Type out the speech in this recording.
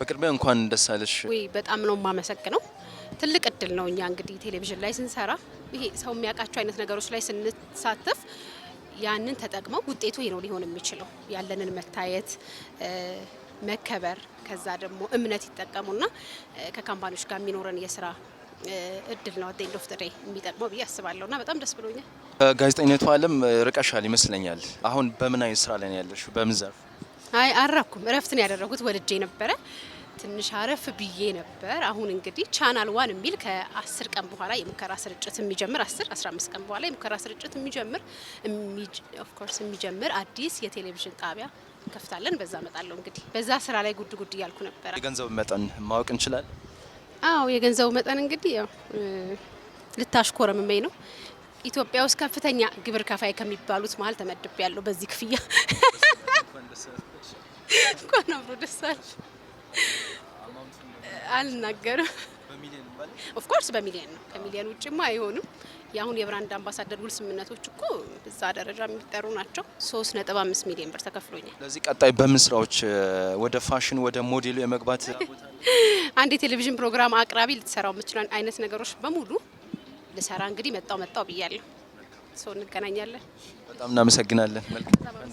በቅድሚያ እንኳን ደስ አለሽ። ወይ በጣም ነው የማመሰግነው። ትልቅ እድል ነው። እኛ እንግዲህ ቴሌቪዥን ላይ ስንሰራ ይሄ ሰው የሚያውቃቸው አይነት ነገሮች ላይ ስንሳተፍ ያንን ተጠቅመው ውጤቱ ይሄ ነው ሊሆን የሚችለው ያለንን መታየት፣ መከበር፣ ከዛ ደግሞ እምነት ይጠቀሙና ከካምፓኒዎች ጋር የሚኖረን የስራ እድል ነው ዴንድ ኦፍ ደይ የሚጠቅመው ብዬ አስባለሁ እና በጣም ደስ ብሎኛል። ጋዜጠኝነቱ አለም ርቀሻል ይመስለኛል። አሁን በምን አይነት ስራ ላይ ያለሽ? በምን ዘርፍ? አይ አረኩም እረፍትን ያደረጉት ወልጄ ነበረ። ትንሽ አረፍ ብዬ ነበር። አሁን እንግዲህ ቻናል ዋን የሚል ከ10 ቀን በኋላ የሙከራ ስርጭት የሚጀምር 10 15 ቀን በኋላ የሙከራ ስርጭት የሚጀምር ኦፍ ኮርስ የሚጀምር አዲስ የቴሌቪዥን ጣቢያ ከፍታለን። በዛ መጣለው እንግዲህ በዛ ስራ ላይ ጉድ ጉድ እያልኩ ነበረ። የገንዘብ መጠን ማወቅ እንችላለን? አዎ የገንዘቡ መጠን እንግዲህ ያው ልታሽኮረምመኝ ነው። ኢትዮጵያ ውስጥ ከፍተኛ ግብር ከፋይ ከሚባሉት መሀል ተመድብ ያለው በዚህ ክፍያ ደስ አልናገርም። ኦፍኮርስ በሚሊየን ነው። ከሚሊየን ውጭማ አይሆንም። የአሁን የብራንድ አምባሳደር ውል ስምምነቶች እኮ እዛ ደረጃ የሚጠሩ ናቸው። ሶስት ነጥብ አምስት ሚሊዮን ብር ተከፍሎኛል። ለዚህ ቀጣይ በምን ስራዎች ወደ ፋሽን ወደ ሞዴሉ የመግባት አንድ የቴሌቪዥን ፕሮግራም አቅራቢ ልትሰራው የምችለን አይነት ነገሮች በሙሉ ልሰራ እንግዲህ መጣው መጣው ብያለሁ። ሰው እንገናኛለን። በጣም እናመሰግናለን።